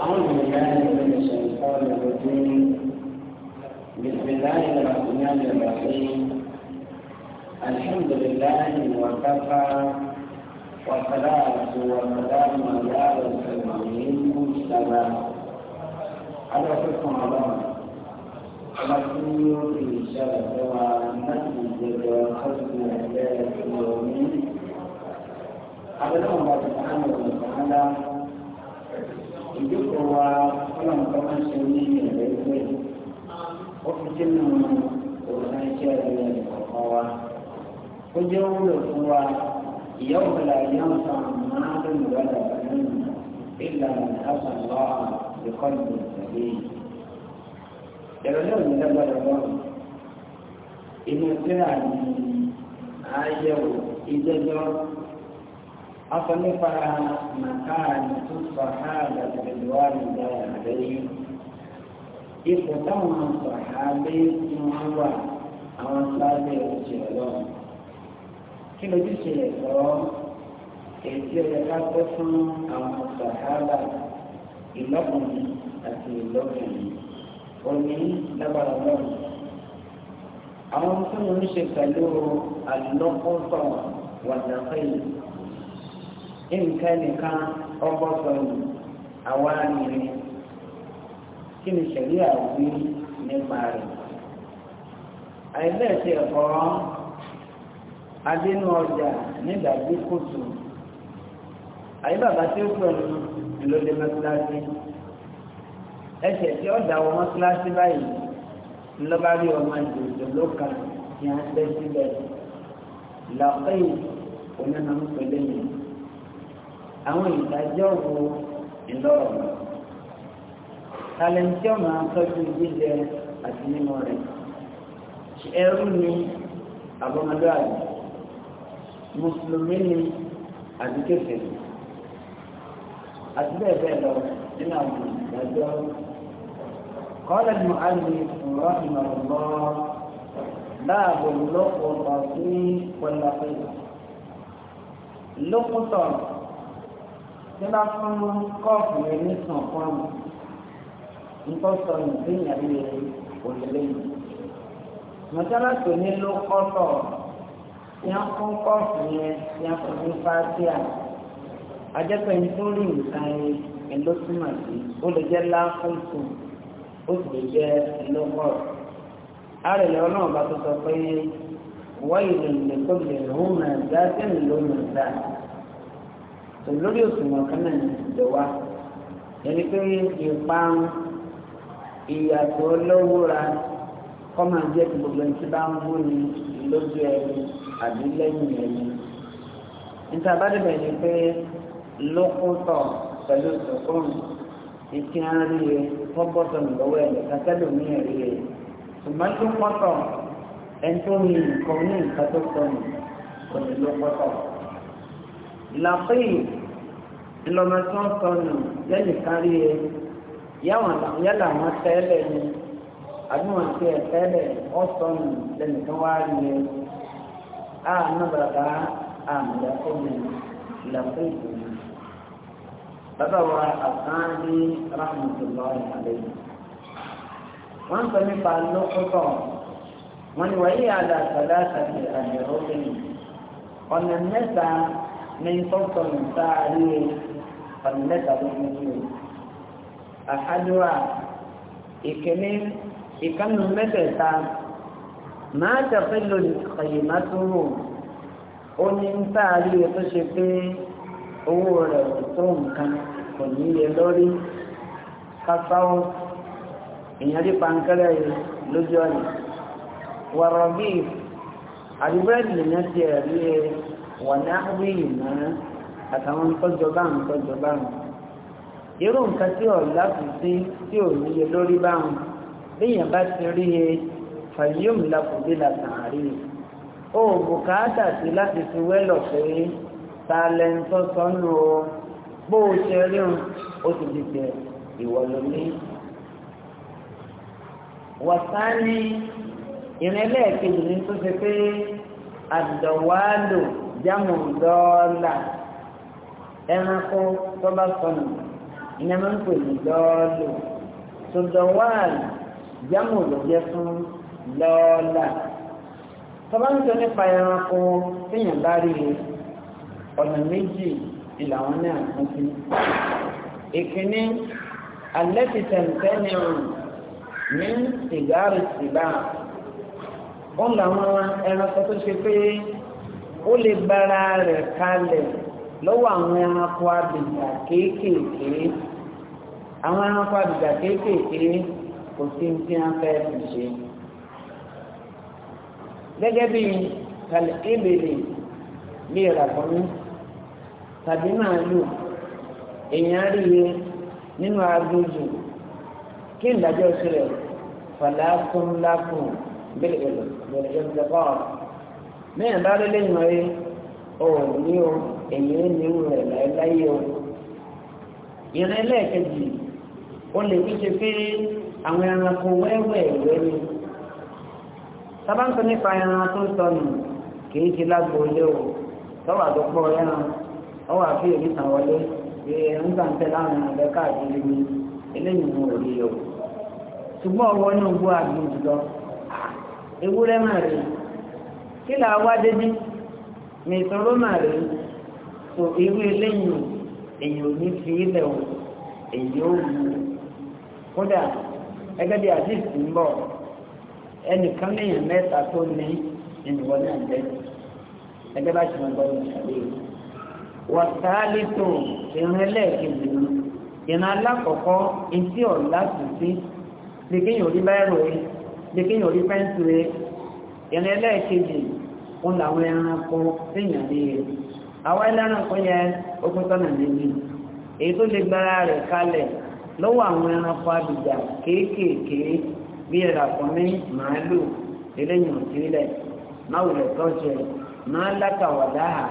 أعوذ بالله من الشيطان الرجيم بسم الله الرحمن الرحيم الحمد لله وكفى والصلاة والسلام على رسول الله أدركتكم الله ولكن في شرف ونسجد حسن الله المؤمن أبدا الله سبحانه وتعالى ìjókòó wa ọlọ́nkọ́ máa ń ṣe ní ìrẹ̀lẹ̀ ìgbẹ́ ó fi sínú òòrùn iṣẹ́ ìrẹ̀lẹ̀ ìkọ̀ọ̀kan wa ó jẹ́ wúlò fún wa ìyá òkèlà ìyá nǹkan máa ń lò wọ́dà nínú ìlànà àṣàlọ́ ìkọ́ ìlú ìtàgé ìrẹ̀lẹ̀ òní lágbára lọ́rùn inú tíra ni ààyẹ̀wò ìjẹ́jọ́ أصنف مكانة الصحابة رضوان الله عليهم ipò táwọn sọ̀hábẹ́ tí wọ́n wà àwọn sábẹ́ òjì ọlọ́run kí lójú ṣe ẹ̀kọ́ èyí tí ó yẹ ká pẹ́ fún àwọn sọ̀hábà ìlọ́kùnrin àti ìlọ́kùnrin òní lábàrá lọ́rùn àwọn tó ń ṣe pẹ̀lú àlọ́kùnfọ̀ wàdàkẹ́yìn. ẹnìkan nìkan ọgbọ́ sọ̀rọ̀ àwa nìyẹn kí ni sẹ̀rí àwí nípa rẹ̀. àìbẹ́ẹ̀ ẹ̀kọ́ adínú ọjà nígbàgbé kòtò àyíbàbá tí ó pẹ̀lú ìlòdì mọ́síláṣí ẹsẹ̀ tí ó dàwọ́ mọ́síláṣí báyìí ńlọ́bá rí ọmọ ìdòdò lókàn ní à àwọn ìdájọ́ wo ìlọ́rọ̀ tàlẹ́ntì ọmọ akọ́jú jíjẹ àti mímọ́ rẹ̀ ẹrú ni àbọ̀mọdọ́àbí mùsùlùmí ni àdúgbò àti bẹ́ẹ̀ bẹ́ẹ̀ lọ nínú àwọn ìdájọ́ قال المؤلف رحمه الله باب اللقطة والنقيض لقطة tí bá fún kọ́ọ̀fù rẹ̀ ní sàn fún un nǹkan sọ nìgbìyànjú rẹ̀ òlélẹ́ yìí. mọ̀tálá tó ní ló kọ́tọ̀ tí wọ́n fún kọ́ọ̀fù yẹn tí wọ́n fún ní fásíà ajẹ́pẹ́ nítorí nǹkan yẹn ẹ̀ló túmọ̀ sí ó lè jẹ́ láńkóso ó sì lè jẹ́ lókọ̀ọ̀. àrẹ̀lẹ̀ ọlọ́run bá tó sọ pé wáyé lè lè tó lè rún mọ̀ tòun lórí òṣùwọ̀n kan náà lọ wá ẹni pé ìparun ìyàtọ̀ lọ́wọ́ra kọ́ máa jẹ́ kí gbogbo ẹni tí bá ń mú ni lójú ẹni àbí lẹ́yìn ẹni. níta bá débẹ̀ ni pé lókùtọ̀ pẹ̀lú sọ̀kún ìtì àárín e, rẹ̀ fọ́bọ̀tọ̀ lọ́wọ́ ẹ̀ kàtẹ́lù ní ẹ̀rí rẹ̀. ṣùgbọ́n tó pọ̀tọ̀ ẹni tó ní nǹkan ní nǹkan tó kò ní lókùtọ̀ làkìlì ìlọ́mọ tí wọ́n sọ nù lẹ́yìn kárí ẹ e. yáwọn yálà wọn tẹ́lẹ̀ ni àbí wọn ti ẹ̀ tẹ́lẹ̀ wọ́n sọ nù lẹ́yìn kan wá rí ẹ e. àánú bàbá àmì ọkùnrin làkìlì bàbá wa àtàndí rahmatullahi alayhi wọ́n sọ nípa lókòtò wọ́n ni wọ́n yí àdàkàdà àti àdìrọ́bìnrin ọ̀nà mẹ́ta. من سلطة تعالي فلنك بالمسلم أحدها إكنين إكن متى ما تقل قيمته ó ní ń táàrí tó ṣe pé owó rẹ̀ kò tó nǹkan kò ní iye lórí kásáwọ́ èèyàn rí pankẹ́rẹ́ wọ̀n náà rí ìmọ̀ àtàwọn tọ́jọba àwọn tọ́jọba àwọn irú nǹkan tí ò láti sí tí ò níye lórí báwọn léèyàn bá ti rí e fàyíòm lakùdé làtàrí o bùkátà sí láti fi wẹ́lọ̀ pé tàlẹ́ńtọ́ sọ́nù o bó o ṣe rí o ó ti di jẹ ìwọ lómi. wàsáni ìrìn ẹlẹ́ẹ̀kejì ní tó ṣe pé àdọ̀wálò jámù dọ́ọ́là ẹranko tó bá sọnù iná máa ń pè ní dọ́ọ́lù sọdọ̀wáàlì jámù ló jẹ́ fún lọ́ọ́là tó bá ń sọ nípa ẹranko téèyàn bá rí i ọ̀nà méjì ìlàwọn náà kún sí ìkíní alẹ́ ti tẹ̀ǹtẹ́ ní ọ̀rùn ní ìgbà àrùsílà ó làwọn ẹranko tó ṣe pé ó lè bára rẹ̀ kalẹ̀ lọ́wọ́ àwọn ẹranko abìjà kéékèèké àwọn ẹranko abìjà kéékèèké kò sí tí wọ́n fẹ́ fi ṣe. gẹ́gẹ́ bí kàlẹ́ ébèrè bí ìràkọ́nú tàbí màálù èèyàn ríye nínú agbójú kí ìdájọ́ sílẹ̀ fàlàkùnlákùn bẹ́ẹ̀ ẹ̀lọ́ bẹ́ẹ̀ ẹ̀lọ́ mẹ́rin bá lé lẹ́yìn rẹ̀ ohun ní o èyí ń ní rẹ̀ láéláyé o ìrìn ẹlẹ́ẹ̀kejì ó lè fi ṣe pé àwọn ẹranko wẹ́wẹ́ẹ̀wẹ́ ni sábà nípa ẹran tó ń sọnù kìí ṣe lágbo ilé o tọ́wà tó pọ̀ ẹran tàn wọlé gbà ń tẹ́ láwọn káàkiri ni o ṣùgbọ́n ọwọ́ jùlọ ewúrẹ́ máa rèé kí là wá débí mẹ̀sán rómà rẹ̀ tó irú eléyìn èyàn ò ní fi ilẹ̀ o èyí ó wù ú kódà ẹgbẹ́ bí àdìsí ń bọ̀ ẹnìkan lèèyàn mẹ́ta tó ní ìdìbò náà jẹ́ ẹgbẹ́ bá ṣe máa gbọ́dọ̀ ṣàlẹ́ yìí wọ̀sáálí tó ìrìn ẹlẹ́ẹ̀kejì ni ìrìn alákọ̀ọ́kọ́ etí ọ̀la tù sí kéèyàn rí báyìí rò é lè kéèyàn rí pẹ́ńtù rẹ̀ ìrìn ẹlẹ́ẹ̀kejì òun làwọn ẹranko téèyàn ní rẹ̀ àwọn ẹlẹ́ranko yẹn ogun tọ́nà méjì èyí tó lè gbára rẹ̀ kalẹ̀ lọ́wọ́ àwọn ẹranko abìjà kéékèèké bí ẹ̀ràkùnmí màálù eléyìn òtílẹ̀ máwùlẹ̀ tọ́jú ẹ̀ máa lákàwàdá hà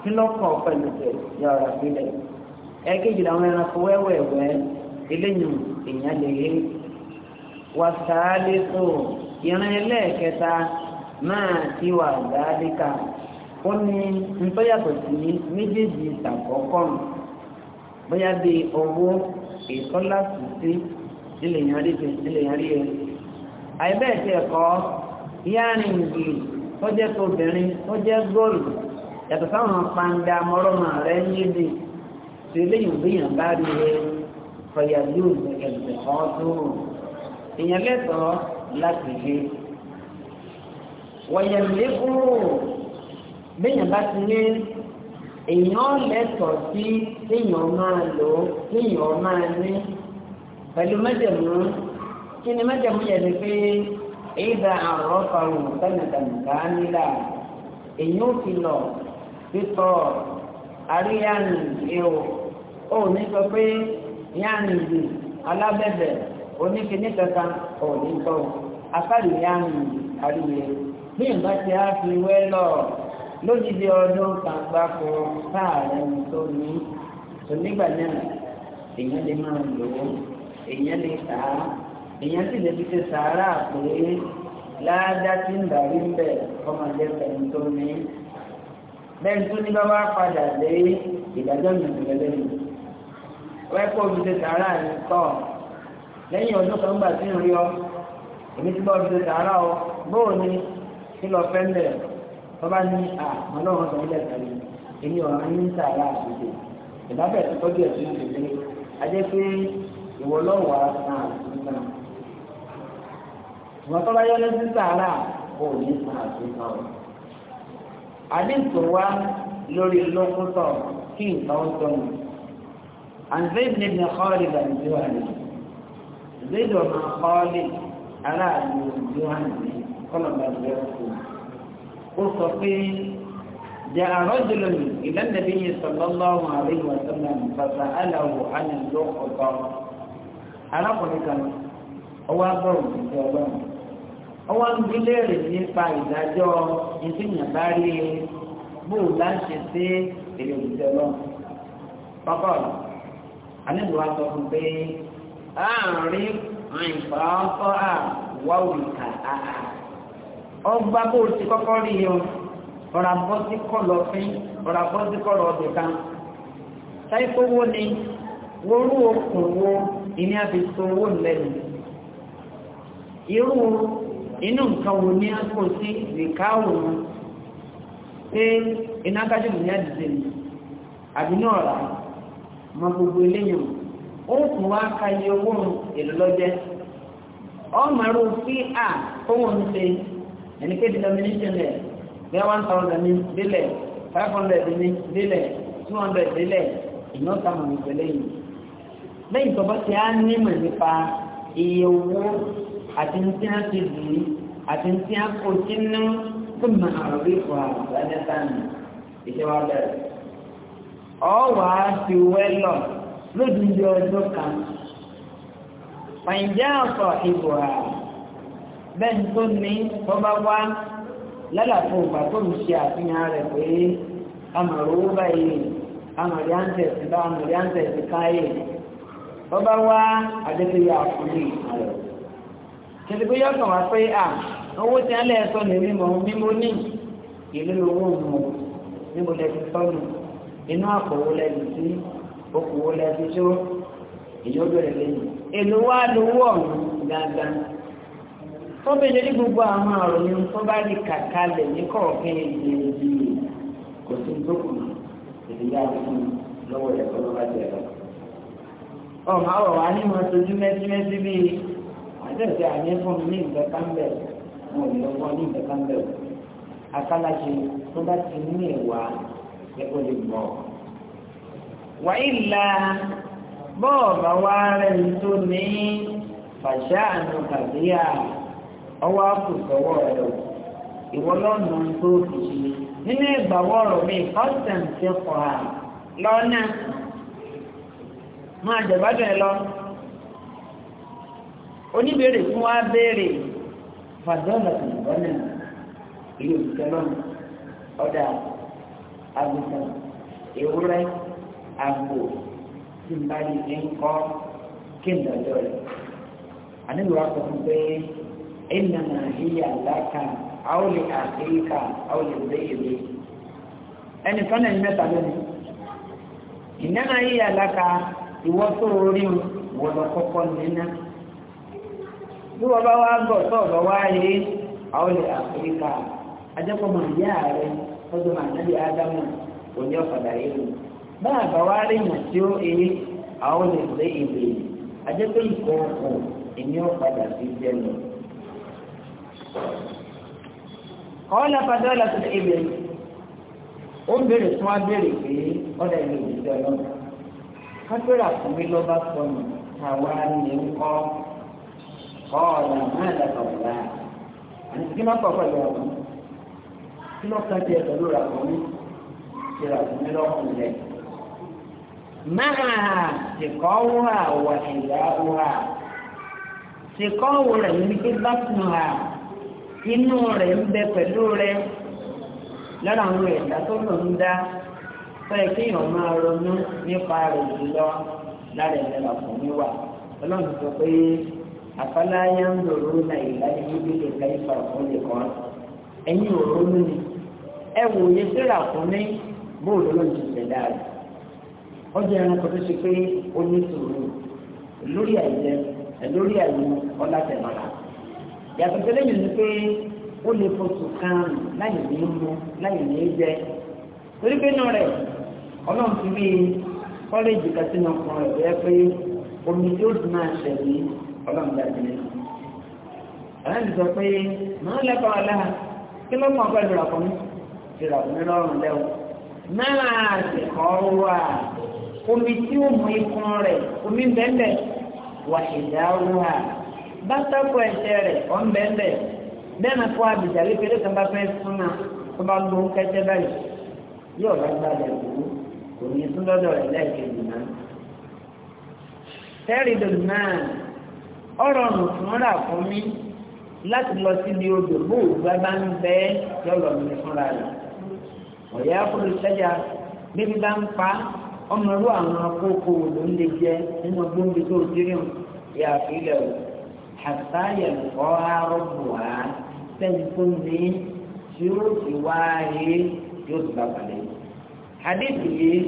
tí lọ́kàn pẹ̀lú ẹ̀ yọ̀ọ̀rà sílẹ̀ ẹ̀kejì làwọn ẹranko wẹ́wẹ̀wẹ́ eléyìn èèyàn lè rí wàsáálẹ́sọ̀ ìrìn ẹlẹ́ẹ̀kẹta máa ti wà dáadéka ó ní ntọ́yàtọ̀ sí méjèèjì ìtàkọ́kọ́ bóyá bí owó ìtọ́lá sí sí ilẹ̀ ìyàrí ti ilẹ̀ ìyàrí ẹ̀ àìbẹ́ẹ̀ tí ẹ̀kọ́ yáàrin ìgbì ó jẹ́ tóbìnrin ó jẹ́ góòlù yàtọ̀ sáwọn pàǹdà mọ́rọ́mọ́ rẹ̀ níbi tí lẹ́yìn òbíyàn bá rí rẹ̀ fọyàlú ẹ̀gbẹ̀kọ́ tó ìyẹn lẹ́tọ̀ọ́ láti gbé wọ̀nyẹ̀ lẹ́kùrù bẹ́yìn bá ti ní èèyàn lẹ́tọ̀ọ́ sí kéèyàn máa lò ó kéèyàn máa ní pẹ̀lú mẹ́jẹ̀mú kí ni mẹ́jẹ̀mú yẹn ni pé ìdá àrùn ọkọ̀rùn tẹ̀mẹ̀tẹ̀mẹ̀ká nílà èèyàn ò fi lọ títọ́ àríyànì ihò ó ní sọ pé yànì ìlú alábẹ̀bẹ̀ oníkiní kankan ò ní tọ́ afárìyànì àríyànì bí nǹkan ti á fi wẹ́ lọ lójijì ọdún kan gbáko káàárẹ̀ mi tó ní tó nígbà náà èèyàn lè máa lò ó èèyàn lè tà á èèyàn sì lè fi ṣe sàárà pé láàdá tí ń darí ń bẹ̀ ọmọdé pẹ̀lú tó ní bẹ́ẹ̀ tó ní bá wá padà dé ìdájọ́ ìrìnàjò lẹ́nu wẹ́pọ̀ òbí ṣe sàárà ní tọ́ lẹ́yìn ọdún kan gbà tí ń ọ èmi ti bá òbí ṣe sàárà ọ bóò ni kí lọ fẹ́ lẹ̀ bàbá ní à ọlọ́run sọ ilé ẹ̀ka yìí èmi ọ̀ràn yín ń tà ara àgbègbè ìdábẹ̀ tó tọ́jú ẹ̀sìn ìgbèlè ajẹ́ pé ìwọ lọ́wọ́ àtàn àtúntà ìwọ́n tó bá yọ lẹ́sìn tààrà kò ní sàn àtúntà ọ̀ àdínkù wá lórí lókútọ̀ kí nǹkan ó tọ́nu àǹzẹ́ẹ̀dì ní ìbìnà kọ́ọ̀lì bàbíjúwàní zéèdì ọ̀nà kọ́ọ̀lì aráàlú ìjúwàní kọ́lọ̀ bàbíjúwàní ó sọ pé jà àrọ́jùlọ ìlànàbí yìí sallallahu alaihi wa sallam fàtà aláwọ̀ ànàlọ́ ọ̀tọ̀ arákùnrin kan ọwọ́ agbọ̀rọ̀ ìjọ ọlọ́run ọwọ́ ń bí léèrè nípa ìdájọ́ ìdíyàn bá rí bóò láṣẹ sí èrè ìjọ ọlọ́run pápá àníbùwá sọ fún pé àárín àìfàáfọ́ àwáwìkà àà ọgbà bó ti kọ́kọ́ rí o ọ̀rà bọ́ sí kọ́ lọ fín ọ̀rà bọ́ sí kọ́ lọ ọdún kan ni wórú okùn wo ìní àfihàn owó lẹ́nu irú inú nǹkan wo ní àpò sí pé iná ní àdìsẹ́ àbí náà rà mọ gbogbo eléyàn ó wá ka iye owó lọ́jẹ́ ọmọ à ẹni pé denomination rẹ̀ bẹ́ẹ̀ one thousand ní délẹ̀ five hundred ní délẹ̀ two hundred délẹ̀ ìná sàmù ìpẹ̀lẹ̀ yìí lẹ́yìn tó bá ti á nímọ̀ nípa iye owó àti tí a ti dì í àti fún mi àrùn bí bẹ̀rẹ̀ ọ wàá fi wẹ́lọ̀ lójú ọjọ́ kan pàǹjẹ́ àpọ̀ ìbò àrùn bẹ́ẹ̀ tó ní tó bá wá lálàfo ìgbà tó ń ṣe àfihàn rẹ̀ pé amọ̀rọ̀ owó báyìí amọ̀rẹ̀ àǹtẹ̀sì bá amọ̀rẹ̀ àǹtẹ̀sì káyè tó bá wá àdékèyà àfúnni rẹ̀. títí pé yọ̀ọ̀kan wá pé à owó tí wọ́n lè sọ ní mímọ́ mímọ́ ní ìlú owó mọ̀ níbo lè fi inú àpòwó lẹ́yìn sí okòwó lẹ́yìn tó èyí ó bẹ̀rẹ̀ lẹ́yìn èlò wá lówó ọ̀hún dáadáa tó bẹ̀rẹ̀ ní gbogbo àwọn àròyìn tó bá lè kàkà lẹ̀ ní kọ̀ọ̀kan ìgbìyànjú yìí kò sí tó kù ìdíyà fún lọ́wọ́ ẹ̀kọ́ ló bá jẹ́ lọ. ọmọ àwọ̀ wa ní wọn sojú mẹ́tímẹ́tí bíi àjọṣe àní fún mi ní ìgbẹ́ kámbẹ̀ wọn ò ní ọgbọ́n ní ìgbẹ́ kámbẹ̀ o. akálàṣe tó bá ti ní ìwà ẹ̀kọ́ lè gbọ́. wàyí la bọ́ọ̀ bá wá rẹ̀ tó ní fàṣà àná kàdíyà ọwọ́ àpò sọ́wọ́ rẹ̀ ìwọ lọ́nà tó fi ṣe nínú ìgbàwọ́rọ̀ mi ọ̀sán ti kọ̀ á lọ́nà máa jẹ̀bádùn ẹ lọ oníbèrè fún wa béèrè fàdọ́là ìgbọ́nà ìlú ìtẹ́lọ́n ọ̀dà àgùntàn ewúrẹ́ àgbò tí n bá di ní kọ́ kí n dàjọ́ rẹ̀ àníbi wa sọ إنما هي لك أو لأخيك أو للضيب ẹni kan náà mẹ́ta lónìí ìnáma yíya láka ìwọ tó orí wọ̀lọ̀ kọ́kọ́ nínú bí wọ́n bá wá gbọ́ sọ́ọ̀bọ̀ wá rí àwọn ilẹ̀ Áfíríkà ajẹ́kọ̀ọ́mọ̀ ìyá rẹ̀ ọdún ànábì ádámù òní ọ̀fàdà ìlú bá àbá wá rí ìmọ̀ tí ó rí àwọn ilẹ̀ ìgbé ìgbé ajẹ́kọ̀ọ́ ìkọ̀ọ̀kọ̀ èmi ọ̀fàdà sí jẹ́ lọ kọ́lá fadọ́lá tó ebè ó béèrè tí wọ́n á béèrè pé ọ̀dà ìlú ìdíje ọlọ́run kápẹ́rà fún mi lọ́ba sọnù tàwa ni ń kọ́ kọ́ọ̀lá máa dàgbà àti kí má pàpà yà wọ́n kí lọ́ ka tiẹ̀ pẹ̀lú rà fún mi ti rà fún mi lọ́kùnrin rẹ̀ máa tìkọ́ wúrà wà ìyá wúrà tìkọ́ wúrà yìí ní kí bá tún wà inú rẹ̀ ń bẹ pẹ̀lú rẹ̀ lára àwọn ẹ̀dá tó lò ń dá fẹ́ kí èèyàn máa ronú nípa rẹ̀ jùlọ lára ẹ̀dá làkùn mi wà ọlọ́run sọ pé àfáláyà ń lòrò náà ìlànà ibi lè ka ipa òkun lè kọ́ ẹ̀yìn òrónú ni ẹ wò yẹ sí làkùn mi bóòlù ló ń ti ṣẹ̀dá rẹ̀ ó jẹ́ ẹranko tó ṣe pé ó ní sùúrù lórí àìjẹ lórí àìmú ọlá tẹ̀mọ́ra yàtọ̀ tẹ́lẹ̀ yìí ni pé ó lè fosù kan láyé ní mú láyé ní jẹ torí pé inú rẹ̀ ọlọ́run ti rí kọ́lẹ́jì kásínú ọkùnrin rẹ̀ bóyá pé omi tí ó ti máa ṣẹ̀lẹ̀ ọlọ́run dàbí nínú. àwọn ti sọ pé màá lẹ́kọ̀ọ́ aláha kí ló mọ̀ pẹ̀lú ọkùnrin ti rà mi lọ́rùn lẹ́wọ̀ náà sì kọ́ wà omi tí ó mú ikùn rẹ̀ omi bẹ́ẹ̀ bẹ́ẹ̀ wà ìdáwó hà. basta kọ ẹsẹ̀ rẹ̀ ọ̀n bẹ́ẹ̀ bẹ́ẹ̀ náà kọ́ àbìjà lé pẹ̀lú kan bá fẹ́ súnmọ́ tó bá gbóhùn kẹ́tẹ́ báyìí yóò bá gbàdà ìlú kò ní sún lọ́dọ̀ rẹ̀ lẹ́ẹ̀kejì náà. tẹ́rì dòdò ndị ọ̀rọ̀ ọ̀nà fúnra pa ọmọ irú àwọn akókò òdò àtàyè ẹ̀kọ́ arọ́bùwá sẹ́yìn fún mi tí ó ti wá rí yóò ti bá balẹ̀. Hadith yìí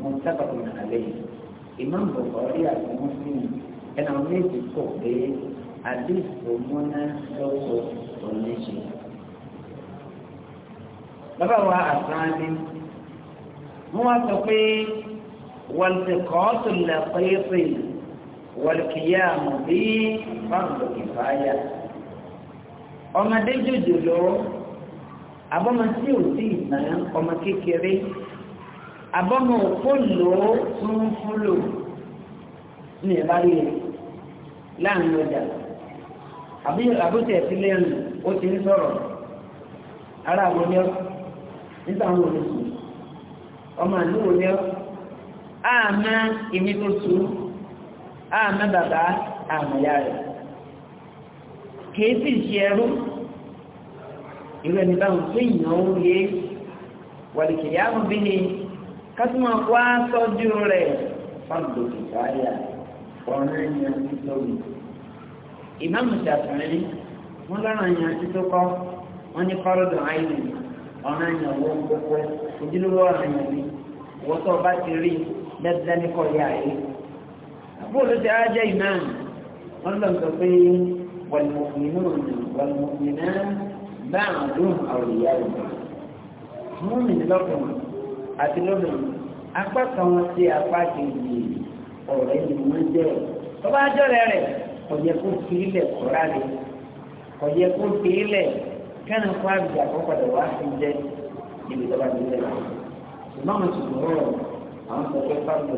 mo ń sábà kò nàá lẹ́yìn. Imam Bukhari àti Muslim ẹnà méjì kò pé hadith tó múná lọ́wọ́ oníṣe. wa àtàní, wọ́n wá sọ pé wọ́n ti kọ́ ọ́ tó wọ̀lùkìyàmù bí fáwọn ọmọdé abọ́mọ tí ò sí ọmọ kékeré abọ́mọ fúlò ní ìbárí rẹ̀ láàrin ọjà àbúṣe ìpínlẹ̀ rẹ̀ ó ti ń sọ̀rọ̀ ara àwọn ọmọ nígbà wọn ò sùn ọmọ Ah, àmọ́ bàbá àmọ́ ìyá rẹ̀ kìí sì ṣe ẹrú ìlú ẹni báwọn tó ìyàn ń yé wàlìkìlì àwọn bí ni kásùmọ̀ kó sọ́jú rẹ̀ fọ́nbù ìbáyà ọ̀rọ̀ ẹ̀yàn títóbi ka ṣàfihàn wọn lọ́rọ̀ ẹ̀yàn títókọ́ wọ́n ní bóòlù ti ájẹ́ iná wọ́n lọ sọ pé wàlùmọ̀mìnà wàlùmọ̀mìnà bá àdúrà àwọn ìyá rẹ̀ múmìnì lọ́kùnrin àti lóbìnrin apá kan wọn ti apá kejì ọ̀rẹ́ ni wọ́n jẹ́ tó bá jọ̀rẹ́ rẹ̀ kò yẹ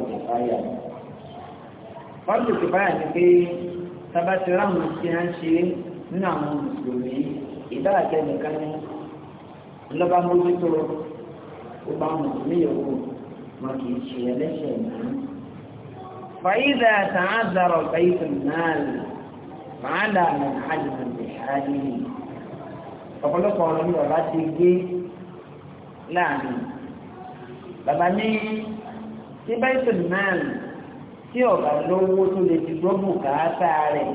kó fọ́lù tó báyà ní pé tabati ráhùn tí a ń ṣe nínú àwọn mùsùlùmí ìdáàjẹ́ nìkan ní lọ́ba mójútó gbogbo àwọn mùsùlùmí yòówù wọn kì í ṣe ẹlẹ́ṣẹ̀ náà. fàyídà tààzàrọ̀ bẹ́ẹ̀tù náà fàádà àmì àjùmọ̀ ìhàdí ọ̀pọ̀lọpọ̀ ọ̀rọ̀ ní bàbá ti gbé láàrin bàbá ní tí bẹ́ẹ̀tù náà tí ọ̀gá lówó tó lè ti gbọ́ bùkátà rẹ̀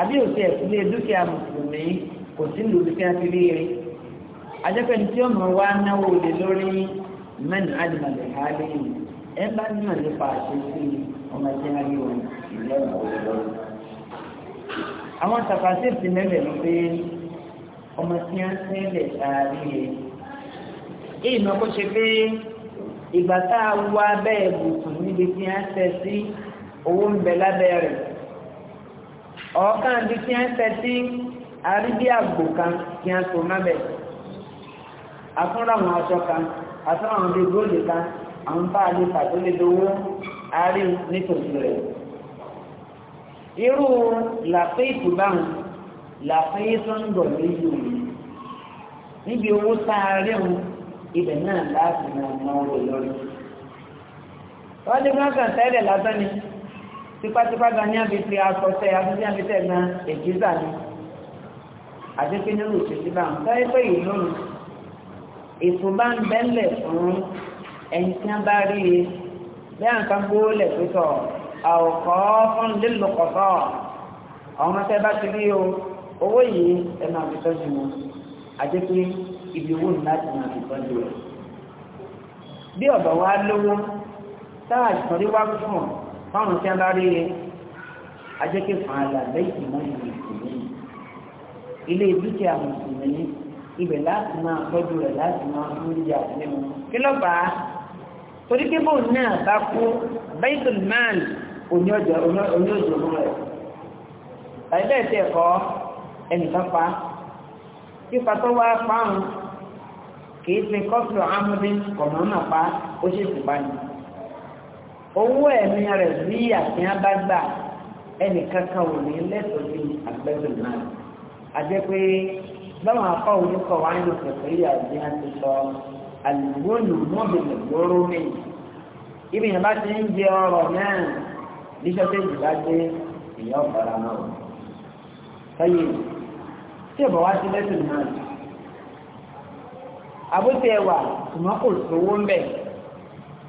àbí òsì ẹ̀kúlé dúkìá mùsùlùmí kò sí lòdì kí ti rí rí ajẹ́pẹ́ni tí ọmọ wa náwó lè lórí mẹ́nu àdìmọ̀lẹ̀ hálẹ́ yìí ẹ bá nímọ̀ nípa ọmọ ẹgbẹ́ ayé wọn ìlú lọ́wọ́. àwọn ti mẹ́lẹ̀ ló pé ọmọ tí wọ́n ìgbà tá a wá abẹ́ ìbùsùn níbi tí a ń tẹ sí owó ń bẹ lábẹ́ rẹ̀ ọ̀ọ́kàn bí tí a ń tẹ sí àríbí àgbò kan tí a ń so mábẹ̀ àtúnra àwọn aṣọ kan àtúnra àwọn bíi góòlù kan àwọn bá a lè pàtó lè lówó àárín nítòsí rẹ̀ irú làpé ìtùbáhùn làpé tó ń dọ̀ lóyún níbi owó tá rí òun ibẹ̀ náà láti máa mọ ọ̀rọ̀ lọ́rọ̀ wọ́n lè má kàn tẹ́lẹ̀ lásán ni tipátipá gan ní àbí ti akọ̀tẹ́ abúlé àbí tẹ̀gbà èjìzà ni àti pé nínú òṣèlú bá ń sáré pé ìlú ètò bá ń bẹ́lẹ̀ fún ẹni tí wọ́n bá rí i bí à ń kan gbóòlẹ̀ tó sọ àwòkọ́ fún lílùkọ̀tọ̀ àwọn ọmọ tẹ́ bá ti rí o owó yìí ẹ̀ máa fi tọ́jú wọn àti pé ibi owó ní láti máa fi tọ́jú rẹ̀ bí ọ̀dọ̀ wa lówó táà ìsọ̀rí wá fún ọ fáwọn tí a bá rí rẹ ajẹ́kẹ́ fún àlà lẹ́yìn náà ní ìsìnkú ilé dúkìá mùsùlùmí ibẹ̀ láti máa tọ́jú rẹ̀ láti máa mú ìyá nínú kí ló bá a torí pé bóun náà bá kú baitul mal oní ọjọ́ oní ọjọ́ mú rẹ̀ àìbẹ́ẹ̀ tẹ̀ kọ́ ẹnìkan pa pípa wá fáwọn kìí ṣe kọ́sùrù amúdín kọ̀mọ́nà pa ó ṣe tùbá ni owó ẹ̀mí rẹ̀ bí àti abágbà ẹnì kankan ò ní lẹ́tọ̀ọ́ sí àgbẹ̀dùn náà àjẹ́ pé báwọn apá oníkọ̀ wá ń lò ìyá á ti sọ àlùgbòòlù mọ́bìlì gbòòrò mi ibi yẹn bá ti ń jẹ ọrọ̀ náà bíṣọ́ tẹ́jì bá dé ìyá àbúté wà ṣùgbọ́n kò sówó ń bẹ̀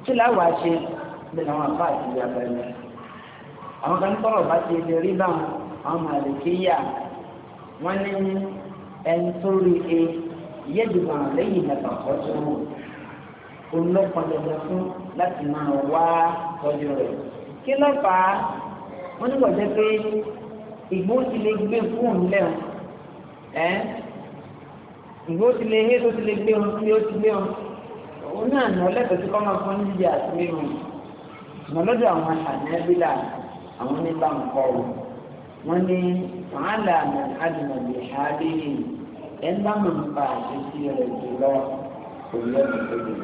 kí láwàá ṣe bẹ̀rẹ̀ àwọn àbá àti ìyá bẹ̀rẹ̀ àwọn kan tọrọ bá ti lè rí báwọn àwọn màlìkéyà wọn ní ẹni tó rí e yẹ́dùbọ̀n lẹ́yìn ìdàgbà ọ̀tún òun ló pọn dandan fún láti máa wá tọ́jú rẹ̀ kí ló fà á wọ́n nígbà jẹ́ pé ìgbó ti lè gbé fóònù lẹ́hìn ẹ́ ìgbó ti lè hé tó ti lè gbé ohun tí ó ti gbé ohun òun náà nà ọlẹ́tọ̀ tí kọ́mọ fún jíjẹ àti mímu nà lọ́dọ̀ àwọn ànábìlà àwọn nípa nǹkan o wọ́n ní wàhálà àmà àdùnnàbì àádéyé ẹ̀ ń bá mọ̀ nípa àṣetí rẹ̀ jùlọ kò lẹ́nu tó lè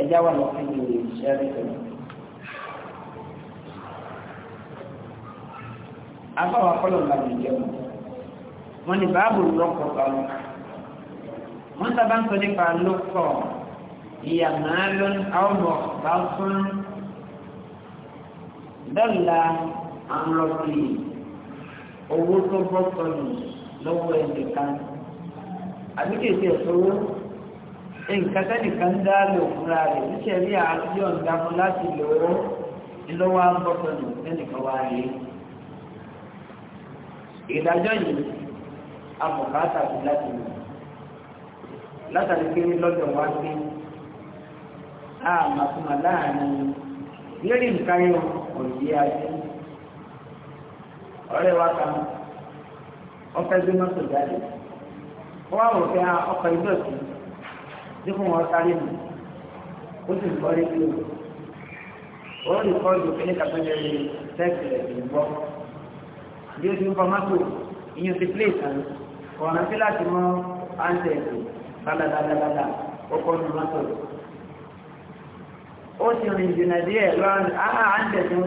ẹjá wà lọ́kàn ní ìṣẹ́rẹ́ rẹ̀. afọwọ́ akọ́lọ̀ ń bá mi jẹun wọ́n ní báàbò lọ́kọ̀ọ́ wọ́n sábà ń sọ nípa lókọ̀ ìyàmá ló ń àwọ̀ bá fún dọ́là àmọ́bì owó tó bọ́ sọnù lọ́wọ́ ẹnìkan àbí kèsì ẹ̀sọ́wọ́ nǹkan tẹ́nìkan dá lò fúnra rẹ̀ níṣẹ́ rí àádọ́ ń dáfún láti lò ó lọ́wọ́ á bọ́ sọnù tẹ́nìkan wá rí ìdájọ́ yìí amọ̀ká tàbí láti lò látàrí pé lọ́dọ̀ wá sí àmàkùnmà láàrin lórí nǹkayọ̀ òyìí ajé ọ̀rẹ́ wa kan ọ̀fẹ́ gbé mọ́tò jáde wọ́n wá wòó pé ọkọ̀ ilé òsì tí fún wọn sáré mi ó sì ń bọ́ rédíò ó rí kọ́ọ̀dù pé ní kàtọ́jọ́ rí sẹ́ẹ̀kì rẹ̀ ń gbọ́ bí ó ti ń bọ́ mọ́tò ìyẹn ti pílẹ̀ ìtàn kọ̀ọ̀nà sí láti mọ́ áńtẹ̀ẹ̀tì lálàlálàlà ó kọ́ ní mọ́tò ó sì rìn jìnnà díẹ̀ lọ́rùn áhà á ń tẹ̀sán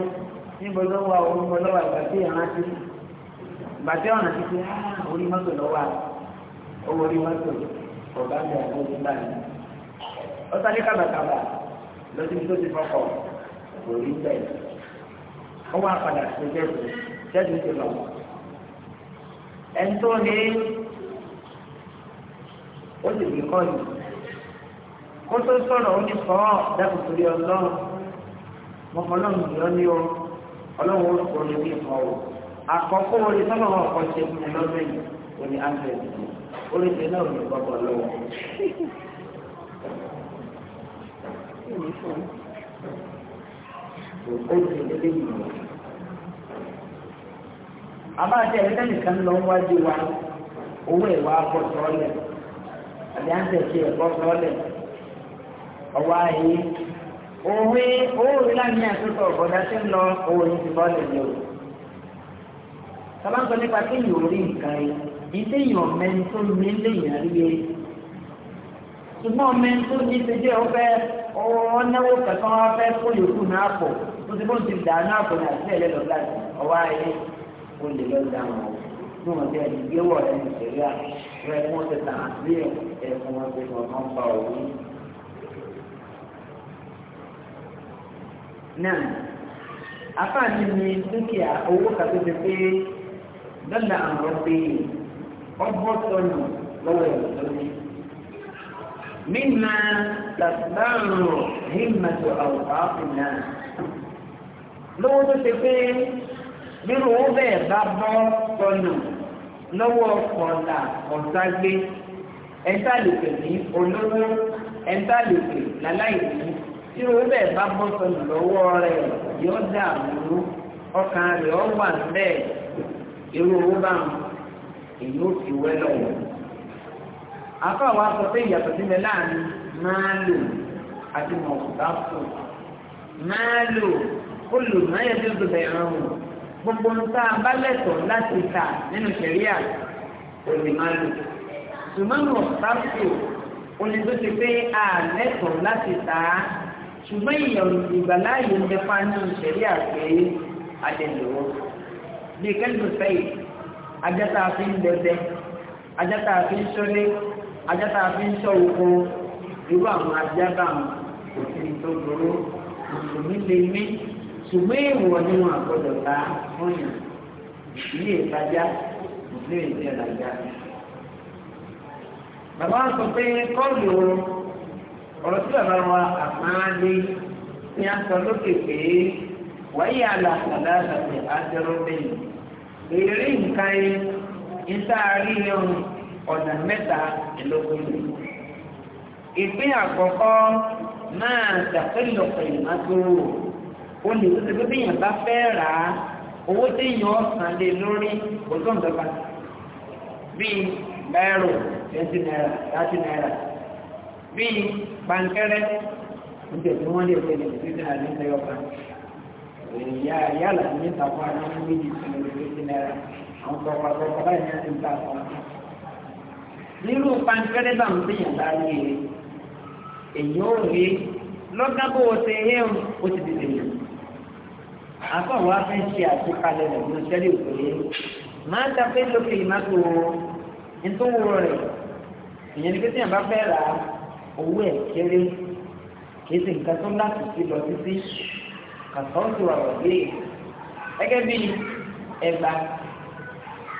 níbo ló wà ó ń bọ́ lọ́wọ́ àgbà tí ìran sí bàtí ọ̀nà títí áhà O ti ti padà sí jẹ́sì jẹ́sì ti ó sì fi kọ́ yìí kó tó sọ̀rọ̀ ó ní sọ́ dákùn torí ọlọ́run mo kọ́ lọ́run yọ ní o ọlọ́run ó sọ ní bí ìfọ̀ o àkọ́kọ́ orí sọ́nà wọn kọ́ ṣe fún un lọ́dún yìí ó ní ángel orí ṣe náà ní gbọ́gbọ́ lọ́wọ́. Àbájá ẹ̀rí kan lọ wájú wa, owó ẹ̀wà akọ̀tọ̀ ọ̀lẹ̀ àbí à ń tẹ̀sí ẹ̀kọ́ sọ́ọ́lẹ̀ ọwọ́ ayé òwe òwe láàmì àtúntò ọ̀gọ́dá tí ń lọ owó yìí ti bọ́ọ̀lù ni o. sábà ń sọ nípa kéèyàn orí nǹkan yìí ìdí èèyàn mẹ́ni tó ní léèyàn rí e. ṣùgbọ́n mẹ́ni tó ní ti jẹ́ ọ̀fẹ́ ọ̀nàwó kankan ọ̀fẹ́ fóyè kù náà pọ̀ tó ti bóun ti dà náà pọ̀ ní àtúntò ẹ̀lẹ́dọ̀ láti ọwọ́ ayé kò lè lọ dáhùn o. bí wọ́n ti ẹ̀ ẹ̀fọn ti tà sí ẹ̀fọn ti kọ̀ọ̀kan pa òun. náà afáàní ni dúkìá owó kàtó ti pé dọ́là àwọn pé ọgbọ́n tọ́nù lọ́wọ́ ìtọ́ni. mímá tàbárò hímàtò àwòrán náà lówó tó ti pé bí owó bẹ́ẹ̀ bá bọ́ tọ́nù lọ́wọ́ kọ̀ọ̀là ọ̀ságbé ẹ̀ńtà lòkè ní olówó ẹ̀ńtà lòkè láláìní tí owó bẹ́ẹ̀ bá bọ́ sọnù lọ́wọ́ rẹ̀ yóò dà lóró ọkàn rẹ̀ ó wà bẹ́ẹ̀ irú owó bá ń èyí ó fi wẹ́ lọ́wọ́. afọ àwọn aṣọ pé ìyàtọ̀ sílẹ̀ láàrin máa lò àti mọ̀ọ́kùtà fún máa lò ó lò máa yẹ kí ó tó bẹ̀rẹ̀ hàn gbogbo nta abálẹ̀tọ̀ láti ta nínú sẹ̀ríà olùmọ̀lù ṣùgbọ́n ọ̀sáfù olùdókè pé àlẹ́tọ̀ láti ta ṣùgbọ́n ìyàwó ìgbàláyé ń dẹ́pá nínú sẹ̀ríà pé adẹ̀lẹ̀wọ́ bí kẹ́lù sẹ́yìn ajáta fi ń dẹdẹ ajáta fi ń ṣọ́lé ajáta fi ń ṣọ́ oko irú àwọn ajábàmù òfin tó burú mùsùlùmí lè mí ṣùgbọ́n èèwọ̀ ni wọn àgbọ̀dọ̀ bá fúnyàn ilé ìtajà ilé ìtajà. bàbá wa sọ pé kọ́ọ̀lù ọ̀rọ̀ tí bàbá wa àpáńlé ní aṣọ lókè pé wáyé àlàkàlà àti àjọrò bẹ́ẹ̀ èrè nǹkan yẹn níta rí ẹ̀hún ọ̀nà mẹ́ta ìlógún yìí. ìpín àkọ́kọ́ náà dàpẹ́ lọ́pọ̀ ìmọ́tò ó lè tó ti pé bíyàn bá fẹ́ rà á owó tí èèyàn san lé lórí kò tó nǹkan kan bíi bẹ́ẹ̀rù twenty naira thirty naira bíi pankẹ́rẹ́ níbi tí wọ́n lè fẹ́ lè fi sí àdé ṣe ọ̀kan ìyá yálà ní ìtàkùn àná ní méjì sí lórí twenty naira àwọn tọkọtọ kọlá ìyá ti ń ta àwọn ọ̀kan. nírú pankẹ́rẹ́ bá ń bíyàn bá rí èyí ò rí lọ́gán bó o ṣe é o ti di tèmi àbọ̀ wa fẹ́ ṣe àtúkalẹ̀ nínú sẹ́rí òkèlè máa ń tafẹ́ lókè ìmáko ntòwúrọ̀ rẹ̀ ìyẹn ní pé tíyẹn bá fẹ́ ra owó ẹ̀ kéré kìí ṣe nǹkan tó láti fi lọ títí kàtọ́ǹtì wà gẹ́gẹ́ bí ẹ̀bà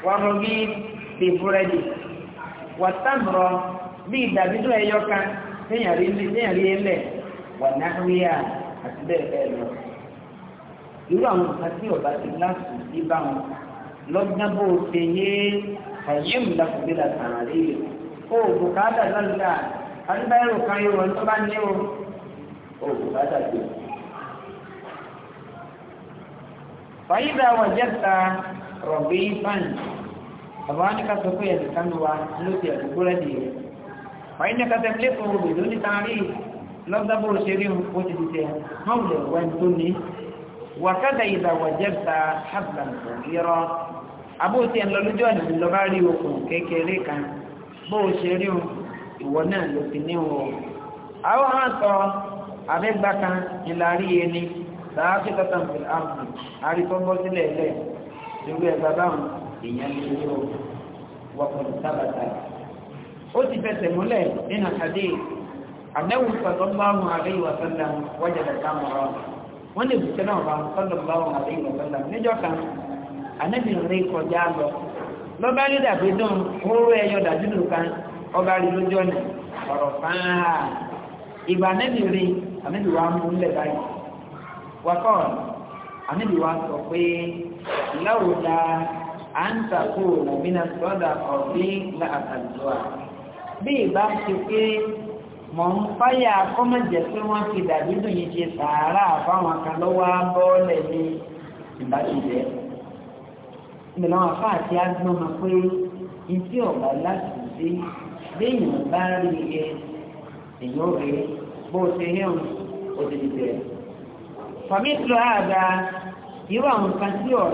wàrọ̀ bí ti búrẹ́dì wàtàmùrọ̀ bí ìdàbídùn ẹ̀yọ́ kan téèyàn rí ẹlẹ̀ wà náà wíyà àti bẹ́ẹ̀ bẹ́ẹ̀ lọ irú àwọn nǹkan tí ọba ti láti sí bá wọn lọ́gbọ́n bó o ṣe yé ẹ̀yìn ìlà kògbélà tààrí rẹ̀ ó bùkátà lọ́dà àdúgbàrò kan yóò tó bá ní o ó bùkátà tó. fàyídà wọ̀jẹ́ta rọ̀gbé ifán àbọ̀ wọn ní ká sọ pé ẹ̀sìn kan wa ló ti àdúgbò rẹ̀ nìyẹn fàyí ní ká tẹ̀ pé kò gbèdó ní tààrí lọ́gbọ́n bó o ṣe rí o ti di tẹ̀ wọ́n wùlẹ̀ wẹ́n tó ní wàkàtà ìdàwọ̀jẹ́ta haslan kòkírọ́ abóòtí ẹ̀ lọ́lójú ọ̀nà ló bá rí okùn kékeré kan bó o ṣe rí ìwọ náà ló fi ní wọ. àwọn àtọ abẹ́gbà ìlàrí ẹni sàáfì tọ́tàn fún àmì sílẹ̀ lẹ̀ irú ẹ̀ bàbá wọn èèyàn lè wọ́n lè bùkẹ́ náà bá sọ́dọ̀ bá wọn àti ìrọ̀sọ́dà níjọ́ kan ànẹ́bì rẹ̀ kọjá lọ lọ́bá rí dàbí dùn kúrú ẹyọ dàdúdù kan ọba rí lójú ọ̀nà ọ̀rọ̀ fáńhà ìgbà ànẹ́bì rí ànẹ́bì wa mú lẹ̀ báyìí wakọ́ ànẹ́bì wa sọ pé láwùdá à ń takò òmìnira sọ́dà ọ̀gbìn láàtàdùà bí ìbá ti pé mọ̀ ń fáyà kọ́mọ̀jẹ̀ pé wọ́n fi dàbí dùn yìí ṣe sàárà fáwọn kan lọ́wọ́ bọ́ọ̀lẹ̀ ní ìbáṣẹ̀jẹ́ ìgbìmọ̀ àwọn afá àti agbọ́n mọ̀ pé ìdí ọ̀gá láti dé léèyàn bá rí ẹ èyàn bó ṣe tí ọ̀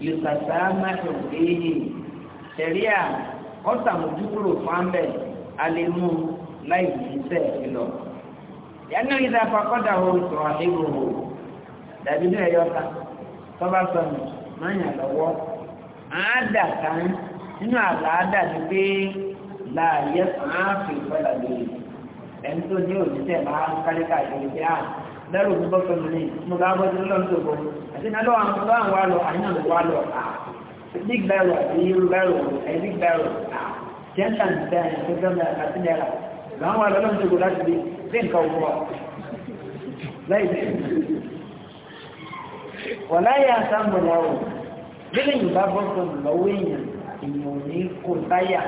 láti báyìí gbé a lè mú láì yí sẹ́ẹ̀ lọ. yánà ìdá fakọ́dà wo sọ̀rọ̀ àdéhùn o dàbí ní ẹ̀yọ́ ta tọ́ba sọnù máa yàn lọ́wọ́ àádà kan nínú àlá àádà ni pé láàyè ààfin gbọ́dà lórí ẹni tó ní òjíṣẹ́ máa ń kárí káàkiri pé à ah, lẹ́rù mi bọ́sọ̀ mi ní mo bá bọ́ sí lọ́nà tó àti náà lọ́wọ́ àwọn lọ́wọ́ àwọn lọ àyàn lọ́wọ́ lọ à ah, big barrel àti irú barrel ẹ̀ big barrel à. Eh, tẹ́ńtà ń tẹ́ àyìn tó gbẹ́mọ̀ àti náírà láwọn alọ́lọ́mù tó kò láti lè sí nǹkan òkú wa láì sí wọ́n láyé àtàmù lọ́wọ́ lílẹ̀ yìí bá bọ́ sọ̀rọ̀ lọ́wọ́ èèyàn èèyàn ò ní kó táyà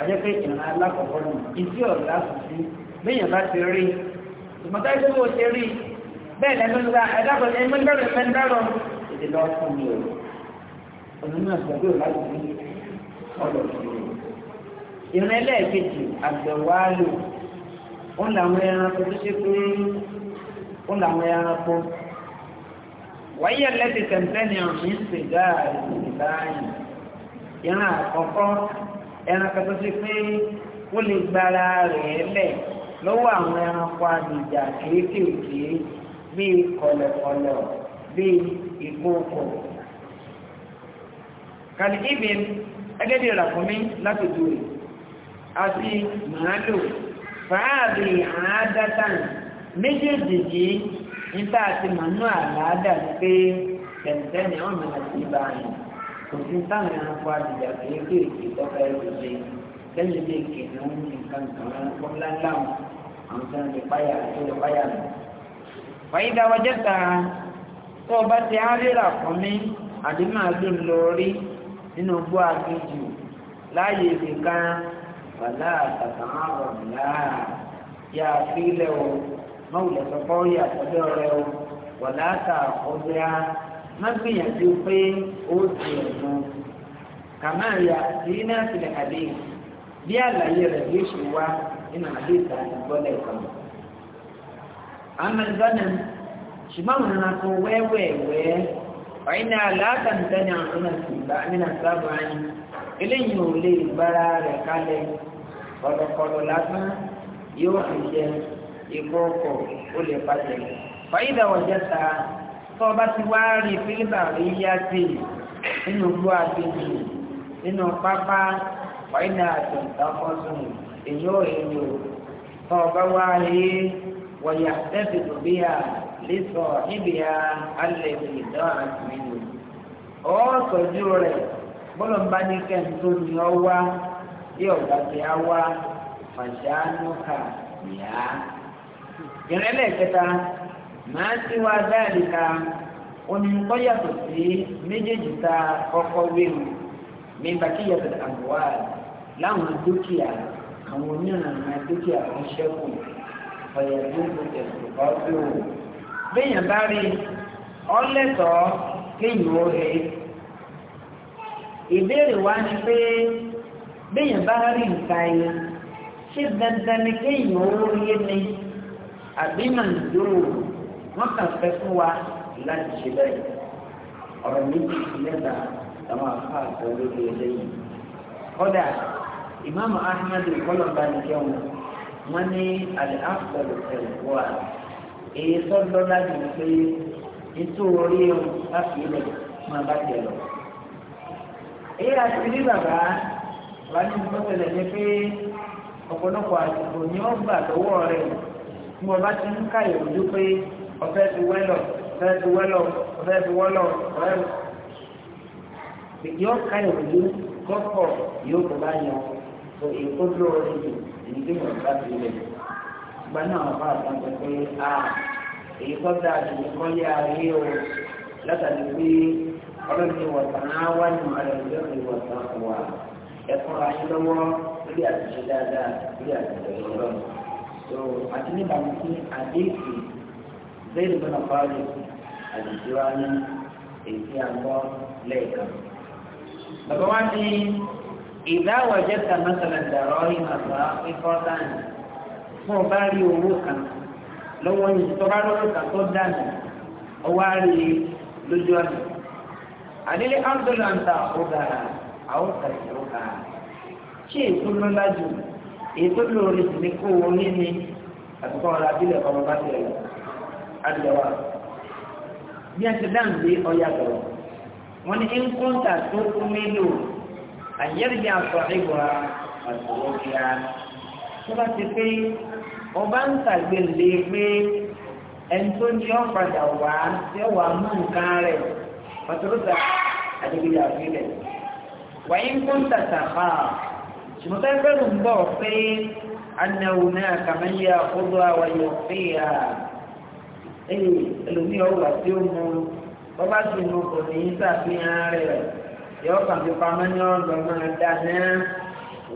àjẹ́pẹ́ ìran alákọ̀ọ́kọ́ nù ìdí ọ̀rọ̀ láti sí léèyàn bá ti rí ìmọ̀tá ìṣòwò sí ìrìn ẹlẹ́ẹ̀kejì àgbẹ̀wálò ó làwọn ẹranko tó ṣe pé ó làwọn ẹranko wáyé lẹ́bi tẹ̀m̀pẹ́ni ọ̀rìn ìṣègà ìbáyìí ìran àkọ́kọ́ ẹranko tó ṣe pé ó lè gbára rẹ̀ lẹ̀ lọ́wọ́ àwọn ẹranko àgbèjà kéékèèké bíi kọ̀lọ̀kọ̀lọ̀ bíi ìkókò kàlíkìbìn ẹgẹ́dẹ̀ ràkúnmí látòjú rẹ̀ àti màálù fàáàbì àádátàn méjèèjì yìí níta àti màánú àlàádà ni pé tẹ̀m̀tẹ̀mì ọ̀nà àti ìbàyàn kò sí táwọn ẹranko àdìjà kéékèèké tọ́ka ẹrù ṣe lẹ́yìn ilé ìkẹ̀lẹ́ ń ní nǹkan kan ẹranko ńlá ńlá wọn àwọn tó ń lè páyà tó lè páyà lọ. wàyí dáwọ́ jẹ́ta tó o bá fàlà àtàkàmárọ̀ láà yà á fi ilẹ̀ o mọ̀wùlẹ̀ sọ́kọ́ yà sọ́dọ̀ rẹ o wọ̀lá àtà ọ̀gbẹ́á má gbìyànjú pé ó ti ẹ̀gbọ́n kàmá yà sí iná sílẹ̀ kàdé bí àlàyé rẹ̀ bí oṣù wa nínú àdé ìta ìgbọ́lẹ̀ kan. àmọ́ ìgbọ́nà ṣùgbọ́n àwọn ẹranko wẹ́wẹ́wẹ́ ọ̀yìn náà látàntẹ́ ní àwọn ọ̀nà sí ìgbà nínú àtàbọ̀ ayé eléyìí ò lè gbára rẹ̀ kalẹ̀ ọ̀dọ̀kọ̀dọ̀ lásán yóò fi jẹ ikú ọkọ̀ ó lè pàṣẹ. fàyídà wọ̀jẹ́ta tó bá ti wá rí fílíbà rí yá sí nínú gbó àgbègbè nínú pápá fàyídà àtọ̀ǹtà fọ́sùn èyí ò rí ni o tó bá wá rí wọ̀yà tẹ́sí tó bí a níbi a alẹ́ ìdán àti mímu. ọ̀ọ́ sọ̀jú rẹ̀ bọ́lọ̀ ń bá ní kẹ́hìn tó ní ọ wá bí ọ̀gá ti á wá fàṣánúkà yá. ìrẹ́lẹ̀ kẹta màá sí wa dáàríka onínúkọ́ yàtọ̀ sí méjèèjì tá a kọ́kọ́ wéwu ní bàkíyàtọ̀ àbúwá láwọn dúkìá àwọn onírànà dúkìá kan ṣẹ́kù ọ̀yà tó ń bọ̀ ẹ̀sùn tó. béèyàn bá rí ọ lẹ́tọ̀ọ́ kéèyàn ó rèé ìbéèrè wá ní pé béèyàn bá rí nǹkan ẹni ṣé dandan ni kéèyàn ó yé ni àbí màndúró wọn kàn fẹ́ fún wa láti ṣe bẹ́ẹ̀ ọ̀rọ̀ méjì lẹ́ta làwọn afá àtọ lórí eléyìí kódà ìmáàmù ahmed kọlọmbà ní kẹwọn wọn ní àlẹ àpọlù ẹwọ à èyí tó dọlá jù pé nítorí orí ẹwọn láti ilẹ̀ máa bá jẹ lọ èyí àti ní bàbá wà ní ìgbọ́ tẹ̀lẹ̀ ní pé ọ̀pọ̀lọpọ̀ àsìkò ni ó gbà lọ́wọ́ rẹ̀ tí wọ́n bá ti ń ká ìròjú pé ọ̀fẹ́ ti wẹ́lọ̀ ọ̀fẹ́ ti wẹ́lọ̀ ọ̀fẹ́ ti wọ́lọ̀ ọ̀fẹ́ yóò ká ìròjú gọ́pọ̀ yóò tó bá yan so èyí tó dúró orí jù èyí tó mọ̀ nípa ti lẹ̀ gba náà wọ́n bá àtàn pé pé ah, a èyí tó dáa jù ní kọ́lé ayé o látàrí pé ọlọ́ni wọ̀tànáwá ní àlejòkè wọ̀tànáwá ẹ̀kọ́ ayélujáwọ́ lórí àtúnṣe dáadáa lórí àtúnṣe ọlọ́run tó àti níbàámu sí àdéhùn bẹ́ẹ̀ni bọ́nà pàrọ̀ àdìsíwá ní èsì àgbọ̀ lẹ́ẹ̀kan. bàbá wa ní ìdáwọ̀jẹ́ tàmátàlá dàrọ́ ìmọ̀tà ìfọ́tàn fún ọba rí owó kan lọ́wọ́ ní tọ́ba lọ́wọ́ kan tó dànù ọwọ́ á rí lójú ọ̀nà àdílé ambulance ọ̀gá àwọn kàìsàn ọ̀gá ṣé ètò lọ́lá jù ètò lórí ìsinmi kó o ní ni àti kọ́ ọ̀rọ̀ abílẹ̀ ọmọ bá ti rẹ̀ adìyẹwà bí a ti dáhùn dé ọ̀yà tọ̀rọ̀ wọ́n ní nkúntà tó kú nílò àyẹ̀rìyà àtọ̀ ìwà àtọ̀wọ́ kíá tó bá ti pé ọba ń tàgbélé pé ẹni tó ní ọ̀padà wá tí mú nǹkan rẹ̀ faturza àdébíyà àfihàn wàyí ń kún tàtà ha ṣùgbọ́n ẹgbẹ́ ń bọ̀ pé anáwó náà kàmáyà ọdún àwàyọ̀ pé à ẹ̀yìn ẹlòmíì ọ̀wà tí ó mú bọ́bá sì mú kò ní í ṣàfihàn rẹ̀ yọ kàn fi pamọ́ ní ọ̀dọ̀ náà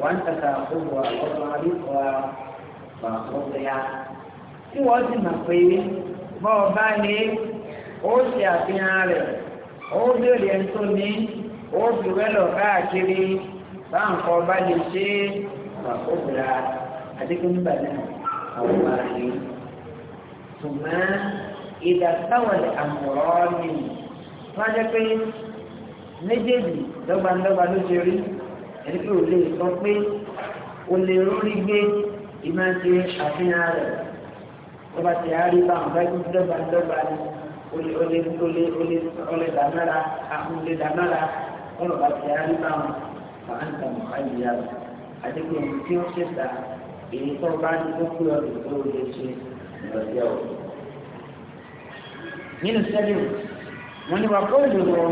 wà ń tàtà ọdún àwọ̀dún àdúgbò àbàkọ́tẹ̀ yá tí wọ́n sì mọ̀ pé bọ́ọ̀ bá ní ó ṣe àfihàn rẹ̀ ó béèrè ẹni tó ní ó fi wẹ́lọ̀ káàkiri báńkọ bá lè ṣe àkóbìrà àdékùn nígbà náà àwọn máa rí ṣùgbọ́n ìdàtàwọ̀lẹ̀ àmọ̀rọ̀ ni wọ́n jẹ́ pé méjèèjì dọ́gbandọ́gba ló ṣe rí ẹni pé ò lè sọ pé o lè rórí gbé ìmáṣe àfihàn rẹ̀ tó bá ti rí báwọn bá dọ́gbandọ́gba ni olè olè olè olè olè dàmára olè dàmára ọ̀rọ̀ bá ti arí bá wọn máa ń tàn ká ìyá rẹ̀ àdéhùn ohun tí ó ṣe ta èyí tó bá ní tó kúrò tó lè ṣe ìrọ̀lẹ́ ọ̀. nínú sẹ́lẹ̀ wọn ni wà kó ìdòwò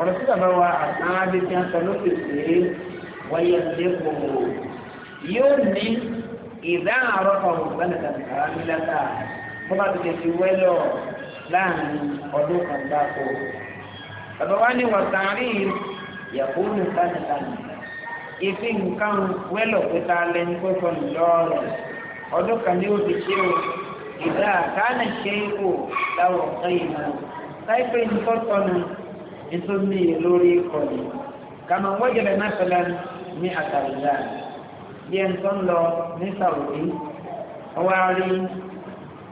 ọ̀rọ̀ sí bàbá wa àwọn abẹ́bí ń sọ lókè pé wáyé ẹ̀dẹ́kọ̀ yóò ní ìdá àrọ́pọ̀ òkú bá nìkan kàrá nílẹ̀ ká bó bá ti tẹ̀sí wẹ́lọ̀ láàrin ọdún kan dáko bàbá wa ní wọn sàárì yàgò ní tánìtánì ìfi nǹkan wẹ́lọ̀ pé ta lẹ́ni pé fọlù lọ́rọ̀ ọdún kan ní òbí ṣe o ìdá àkáàlẹ̀ ṣe ipò láwọ̀ ọ̀sẹ̀yìn náà láìpẹ́ ìtọ́tọ́nu nítorí lórí ìkọlù kàmá wọ́jọ̀lẹ̀ náà fẹ́lẹ́ ní àtàlùdá bí ẹni tó ń lọ ní sàwùdí ọwọ́ àárín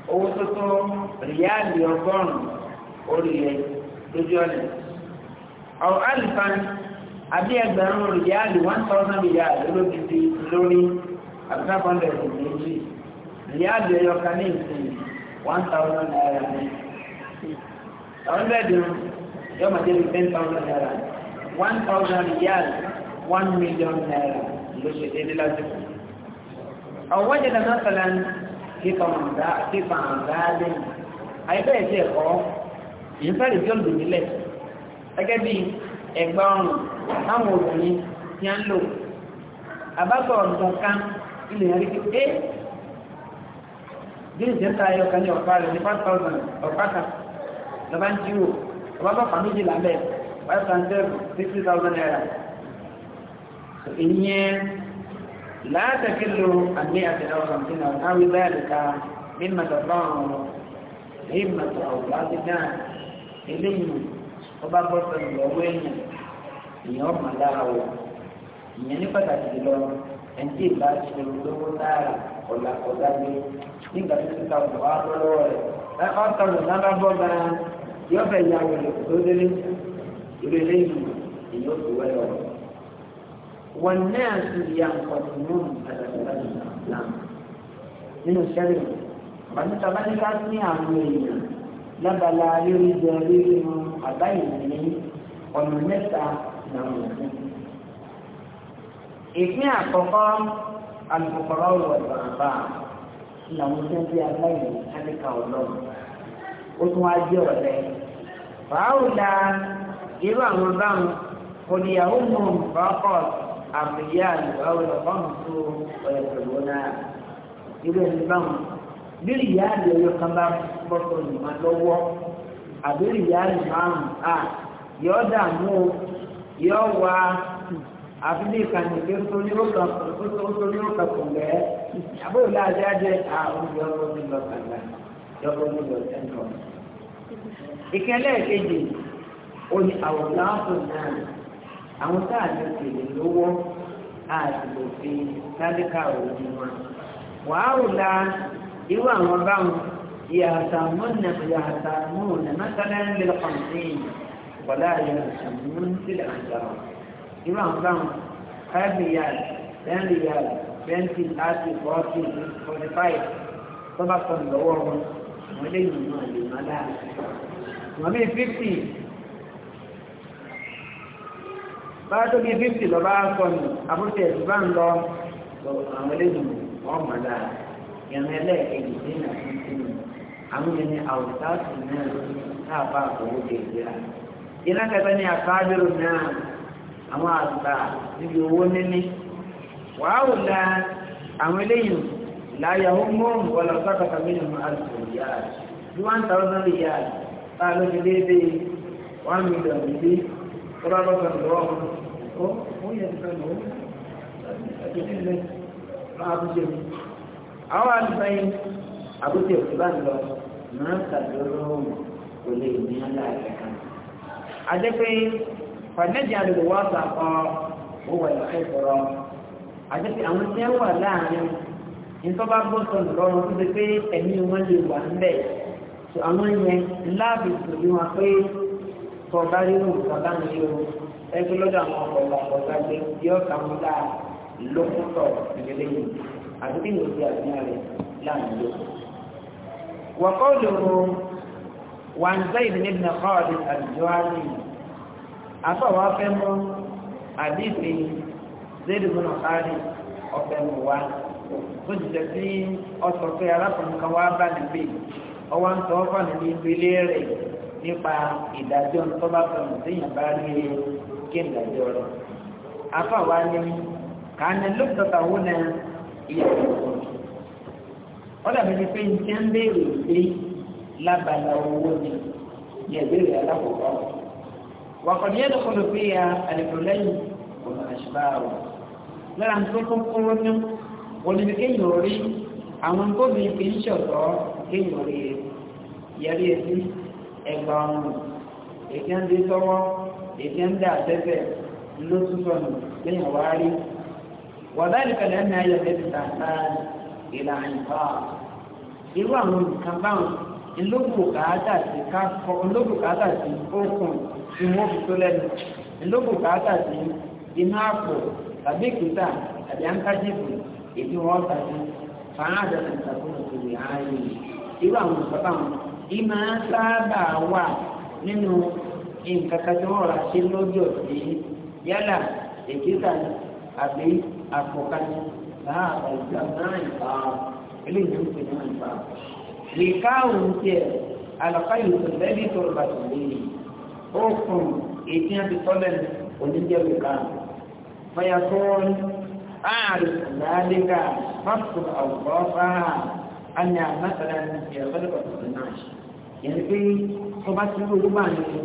owó tuntun ríáàlì ọgọ́rùn-ún orí rẹ̀ lójú ọ̀nà ọ̀rọ̀ alifan àbí ẹgbẹ̀rún ríáàlì one thousand ríáàlì olókìtì lórí àbúrò hundred and eighty ríáàlì ẹyọkan ní ìsìn one thousand naira ní hundred yóò máa jẹ́ million naira ló ṣe déédéé lásìkò. ọ̀wọ́n jẹ́ fífa àǹdá lẹ́yìn àyẹ̀fẹ́ ẹ̀sì ẹ̀kọ́ ìyẹ́fẹ́ rẹ̀ tí ó lò nílẹ̀ gẹ́gẹ́ bí ẹ̀gbà ọrùn táwọn obìnrin ti ń lò àbátọ̀ ọ̀dùn kan ilẹ̀ yẹn rí pé é bíi ìjẹta ayọ̀ kan ní ọ̀pá rẹ̀ ní five thousand ọ̀pá kan lọ́ba ń jíwò ọba bá fàmíjì lábẹ́ five thousand sixty thousand naira لا تكل عن مئة أو خمسين أو نحو ذلك مما تضمن همة أولاد الناس إليهم ọba bọ́sọ̀ ìlọ́wọ́ èèyàn èèyàn mà lára o ìyẹn ní pàtàkì jùlọ ẹni tí ìbá ṣe olówó náírà ọ̀là ọ̀dà gbé nígbà tó ti ta ọ̀dọ̀ wá bọ́ lọ́wọ́ rẹ̀ ọ̀tọ̀ lọ náírà bọ́ bá yọ̀ọ̀fẹ̀ ìyàwó rẹ̀ tó délé ìrẹ̀lẹ̀ yìí èèyàn tó wẹ̀ lọ́wọ́. والناس ينقضون على الإسلام nínú sẹ́rìn àbájú tàbá ní ká ní àwọn èèyàn lábala rírí jẹ rírí mu àbá ìrìn ní ọ̀nà mẹ́ta làwọn òfin. ìpín àkọ́kọ́ alùpùpọ̀rọ̀ ọ̀rọ̀ àbá làwọn tó ń bí aláìní áfíríkà ọlọ́run ó tún àmìyàn àwọn ọ̀hún tó ọ̀yọ̀ pẹ̀lú náà irú ẹni báwọn bírí ìyá àlè ọyọ kan bá bọ́sọ̀ nìmọ̀ lọ́wọ́ àbírí ìyá àlè márùn-ún à yọ dààmú yọ wá àfi bí ìkànnì pé ń torí ó kàn ń torí ó kàn kò lẹ́ àbúrò láti ajẹ́ àwọn yọ̀bọ̀ nílò kàlà yọ̀bọ̀ nílò ẹ̀ńkọ̀. ìkẹlẹ́ kejì ó ní àwòrán tó náà àwọn tá a lè tèlè lówó àdìgbò fi tálíkà òní wọn. wàhálù la irú àwọn báwọn yàtàmúnà yàtàmúnà mẹ́tàlẹ́yìn lè kọ̀ǹtìn wọlé àyẹ̀wò sàmúnú sílẹ̀ àjàrà irú àwọn báwọn five riyal ten riyal twenty thirty forty forty five tọ́ba kan lọ́wọ́ wọn wọ́n lè yìnbọn àlè mọ́lá. wọ́n mi fifty. bá tó bí 50 lọ bá sọ ní àbúrúkẹ́ ẹ̀sùn bá ń lọ àwọn eléyìí wọ́n mọ̀ dáa ìrìn ẹlẹ́ẹ̀kejì sí ìrìn àti ìsinmi àwọn ẹni àwòtáàtì náà káàbà àkọ́wọ́ dé ìlera ìlànà kẹta ní àkáàbẹ̀rù náà àwọn àgbà níbi owó níní wàáwù la àwọn eléyìí láyàwó mọ́ọ̀mù wọlé ọ̀sọ́kọ̀tà mílíọ̀nù àlùkò yára bí one thousand yára tá a lóṣèlédè million ẹ̀kọ́ wọ́n yẹn fẹ́ lọ́wọ́ ẹ̀kọ́ tí lẹ́ máa bú jẹ́ àwọn àdìsáyìn àbújá òkú bá lọ máa tàbí ọlọ́run kò lè ní aláàrẹ kan àjẹpẹ́ fàdéjì àdìgbò wá sàkọ ó wà ní ẹ̀kọ́rọ́ àjẹpẹ́ àwọn tí wọ́n ẹgbẹ́ lọ́dọ̀ àwọn ọ̀pọ̀lọpọ̀ gbàgbé yóò kàwọn láà lókùtọ̀ ìdílé yìí àti bí yóò di àfihàn rẹ̀ láàrin yóò. وقوله وعن زيد بن خالد الجواني أفوى فمه حديث زيد بن خالد ọ̀fẹ́mu wa ó ti tẹ̀ sí ọ̀sọ̀ pé arákùnrin kan wá bá níbí ọwọ́ ń tọ́ fà níbi ìpínlẹ̀ rẹ̀ nípa ìdájọ́ tó bá fẹ̀mù téèyàn kí ni ìdájọ́ rẹ̀ afa wa ni kàánì lóòótọ́ táwọn náà ìyàwó wọn dàbí ni pé njẹ́ ń béèrè pé lábala owó ni yẹ béèrè alákòókò wàkọ̀dí yẹn lọ́kọ̀ ló pé ya àlùfẹ́lẹ́yìn kò náà ṣe bá rọ̀ lára ń tó kókóró ní olùdí kéèyàn rí àwọn tó bí fi ń ṣọ̀tọ̀ kéèyàn rí yẹrí etí ẹgbà ọrùn ètí ń dé sọ́wọ́ ètí ń dá àtẹ́fẹ́ ló túnbọ̀ nù lẹ́yìn wá rí wàbáyìí kan lẹ́nu ayọ̀ lẹ́nu tààtà ìlànà ìfà irú àwọn nǹkan báwọn ńlọ́bùkátà sí káfọ́ ńlọ́bùkátà sí okùn tí wọ́n fi tó lẹ́nu ńlọ́bùkátà sí iná àpò tàbí ìkúta tàbí àǹkájẹ́bù èdè wọn tàbí fàáàdà ìtàkùnà tó lè ààyè irú àwọn nǹkan báwọn ìmọ̀ sábà wà nínú nǹkan kan tí wọ́n rà ṣe lọ́jọ́ sí yálà èkìtà àbí àpòkàtì náà ọ̀gbà náà ìfà eléyìí ń pè náà ìfà. nìkáhùn tiẹ̀ àlọ́káyò tó lẹ́bí tó rọ̀ bàtà lẹ́yìn ó kùn ètí àti tọ́lẹ̀ oníjẹ́ òkà. fayakun ààrùn ìdálégà fásitì àwùjọ fáà á àmàtàlá ní ìyàgbẹ́lẹ́kọ̀ọ́ tó náà. yẹn pé tó bá ti rú olúbàá nìkan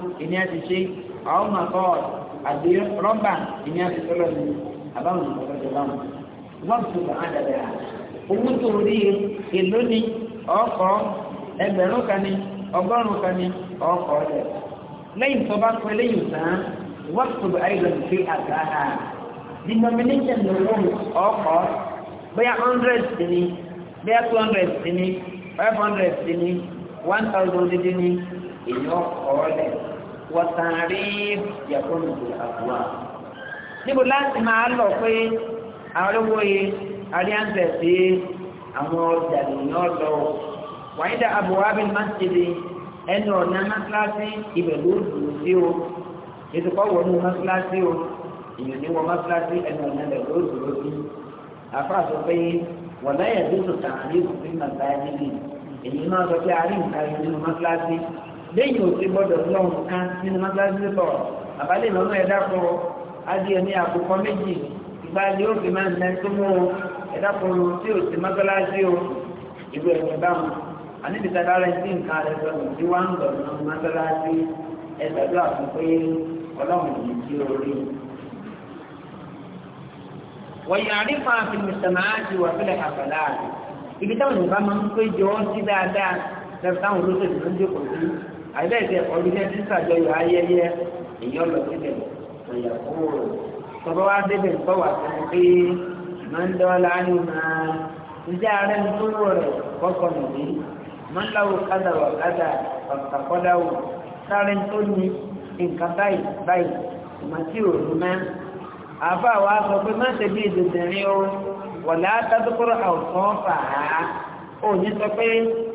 ìní àti ṣe àwọn ọmọ akọ àbí rọ́bà ìní àti sọ́lọ́ ni àbáwọn ọ̀sán tó bá wọn. wọ́n tún bá dàda owó tó rí èlò ni ọkọ̀ ẹgbẹ̀rún kan ni ọgọ́rùn-ún kan ni ọkọ̀ rẹ̀. lẹ́yìn tó bá pẹ́ lẹ́yìn tán wọ́n tún bá ayélujára fi àgbà ha. denomination lówó ọkọ̀ bóyá hundred ni bóyá two hundred ni five hundred ni one thousand ni èyí ọkọ̀ rẹ̀ wọ̀tàrí yàtọ̀nù àbúwá. níbo láti máa lọ pé àríwó yìí àríyànjẹ sí àwọn ọjà lèyìn ọlọ wàyídà àbúwá bí máṣẹ́lẹ̀ ẹnu ọ̀nà mọ́sálásí ibẹ̀ ló dùn sí o ètùkọ́ wọnú mọ́sálásí o ìlú ní wọ́n mọ́sálásí ẹnu ọ̀nà rẹ̀ ló dùn sí àfàṣọ pé wọ́n láyà dúró tàn àríwó sí màtá ẹni èyí náà lẹ́yìn òsì gbọ́dọ̀ lọ́n kan nínú mọ́sáàsì sọ̀rọ̀ àbálẹ̀ ìlọ́nà ẹ̀dá kan adìẹ ní àkókò méjì ìgbà ni ó fi máa ń lẹ́nu tó mú o ẹ̀dá kan tí ò sí mọ́sáàsì o ìlú ẹ̀yìn báwọn àníbìtà dára ẹni tí nǹkan rẹ̀ sọ̀rọ̀ tí wọ́n ń lọ̀ nínú mọ́sáàsì ẹ̀dàdúrà fún pé ọlọ́run yìí kí o rí wọ̀nyí àrífà fi mùsàmáàtì wà fílẹ̀ àfàlà ibi táwọn ìbá máa ń péjọ sí dáadáa lẹ́fẹ̀ẹ́ táwọn olóṣèlú ló ń jókòó sí àìbẹ́ẹ̀dẹ̀ ọdúnjẹ́ títà jọyọ̀ ayẹyẹ èèyàn lọ sílẹ̀ ọ̀yà kúrò tọ́ba wá débẹ̀ nǹkan wà fún un pé máa ń dọ́lá ní máa ǹjẹ́ ààrẹ ń tó wọ̀ rẹ̀ kọ́kọ́ nìyí máa ń láwọ kádà wà kádà pàtàkọ́dáwò sáré tó ní nǹkan báyìí báyìí ìmọ̀tí òru mẹ́ àbá wa sọ pé má ṣe bí ìdòdìrín o wọ̀lá tádùkúrò àwòsàn fà á ò ní sọ pé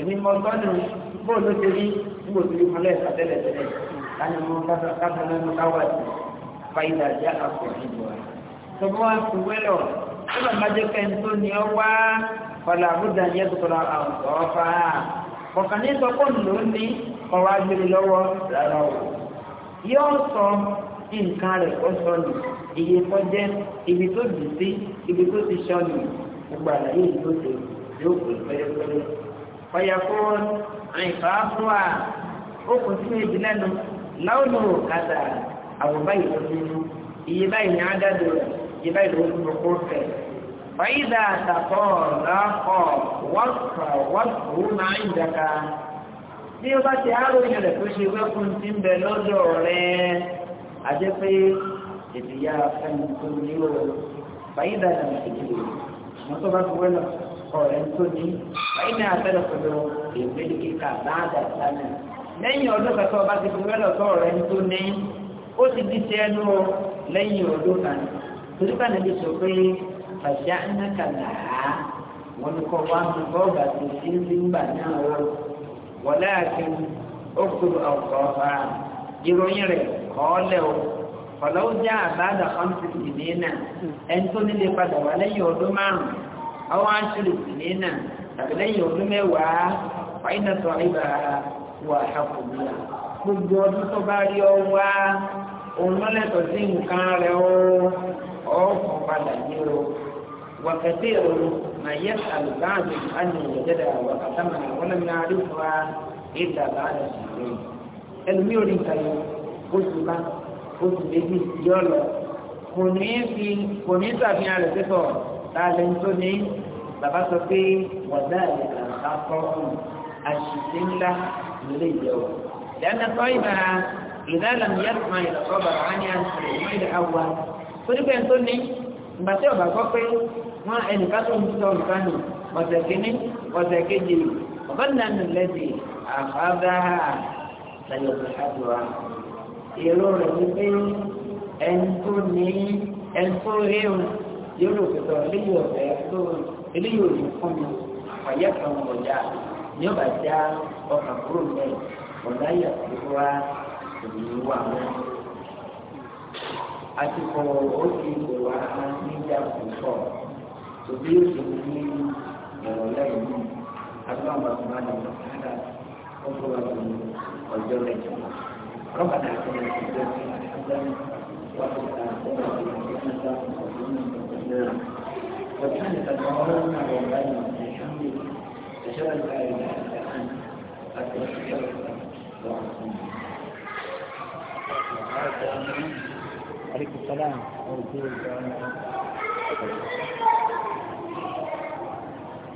èmi mọ gbọ́dọ̀ bóun ló ti rí nígbò tó yí mọ́lẹ̀ àtẹ́lẹ̀ tẹ́lẹ̀ láti mú káfíńtà lẹ́nu káwá sí fàyídà jẹ́ àpò ìbò rẹ̀. tọ́gbọ́n wá fi wẹ́lọ̀ tó bá má jẹ́ kẹ́ni tó ní ọ wá padà àbúdà yẹ́ tuntun àwọn ọ̀fà kọ̀ọ̀kan ní sọ fóònù ló ní ọwọ́ agbèrè lọ́wọ́ rárá o yóò sọ nǹkan rẹ̀ kó sọnù iye tó jẹ́ ibi tó dì sí ibi tó ti sọnù gbogbo àlàyé ìlú tó yóò pè pẹ́rẹ́pẹ́rẹ́ ọ̀yàfún ìfàáfúà okùn sí ibi lẹ́nu láwùjọ kàtà àwòbá ìtọ́jú iye báyìí ní ágádò iye báyìí ló ń lò kó fẹ̀. fàyídà àtàkọ́ lọ́kọ̀ wọ́pọ̀ wọ́pọ̀ máa ń dàka bí ó bá ti àròyìn rẹ̀ tó ṣe wẹ́kùn ti ń bẹ lọ́dọ̀ rẹ̀ àti pé ètò ìyá fẹ́mi tó ní o fàyídà àtàkọ́ mọ́tò bá fi wẹ́ rẹ̀ ń tó ní wáyé àtẹ́lẹ̀ pẹ̀lú èmi kíkà láàdà ìlànà lẹ́yìn ọdún kẹta ọba ti fún mẹ́lọ̀ tọ́ rẹ̀ tó ní ó ti di ti ẹnu lẹ́yìn ọdún kan torí kan sọ pé fàṣà nàkàlà wọn ni kọ́ wá mú bọ́ọ̀gà tó sí nígbà náà wọ́n wọlé àti okùn ọ̀pọ̀ ọ̀fà ìròyìn rẹ̀ kọ́ọ́lẹ̀ o ọ̀lọ́wọ́ jẹ́ àbáàdà kọ́ńtì ìdílé náà ẹni tó nílé padà wá lẹ́yìn ọdún márùn-ún àwọn aṣèlú nínà tàbí lẹ́yìn ọdún mẹ́wàá fàyínà sọ àìbà wà àkùnrin gbogbo ọdún tó bá rí ọ wá òun lọ́lẹ́tọ̀ sí nǹkan rẹ̀ ó ọ̀ọ́kùn padà ní o wàkàtí ọ̀rọ̀ mà yẹ àlùbáàbì àni ìjẹ́dà wàkàtà mà lálẹ́ tó ní bàbá sọ pé wọ̀dà ìlànà àkọ́kọ́ àṣìṣe ńlá lè yẹ o. lẹ́nu tó ìgbà ìdá làmì yàtùmá ìlọ́kọ́ bàbá á ní àṣìṣe ìmọ̀ ìdá àwa torí pé tó ní ìgbà tí ọ̀bà gbọ́ pé wọ́n ẹnìkan tó ń sọ nǹkan ọ̀sẹ̀ kìíní ọ̀sẹ̀ kejì ọ̀bá nàánú lẹ́sìn àfáàdáhà lẹ́yìn ọ̀sẹ̀ àdùrà èrò rẹ̀ wípé ẹni tó ní ẹni tó rí yóò lò pẹ̀tọ́ eléyìí ọ̀fẹ́ tó eléyìí òní fún mi àyẹ̀ kan wọ̀ ya ní ọba já ọkàn kúrò mẹ́ ọ̀dà yà kúrò wá òní wà mọ́. àtìkọ ó ti lè wá níjà púpọ̀ tòbí ó ti ní ìrọ̀lẹ́ yìí àdúrà bàbá mi kàdà ó tó wà ní ọjọ́ mẹ́jọ. ربنا اتنا في الدنيا حسنه وفي الاخره حسنه وقنا عذاب النار نعم سبحانك اللهم وبحمدك بحمدك أشهد أن لا إله إلا أنت أستغفرك وأتوب إليك عليكم السلام ورحمة الله وبركاته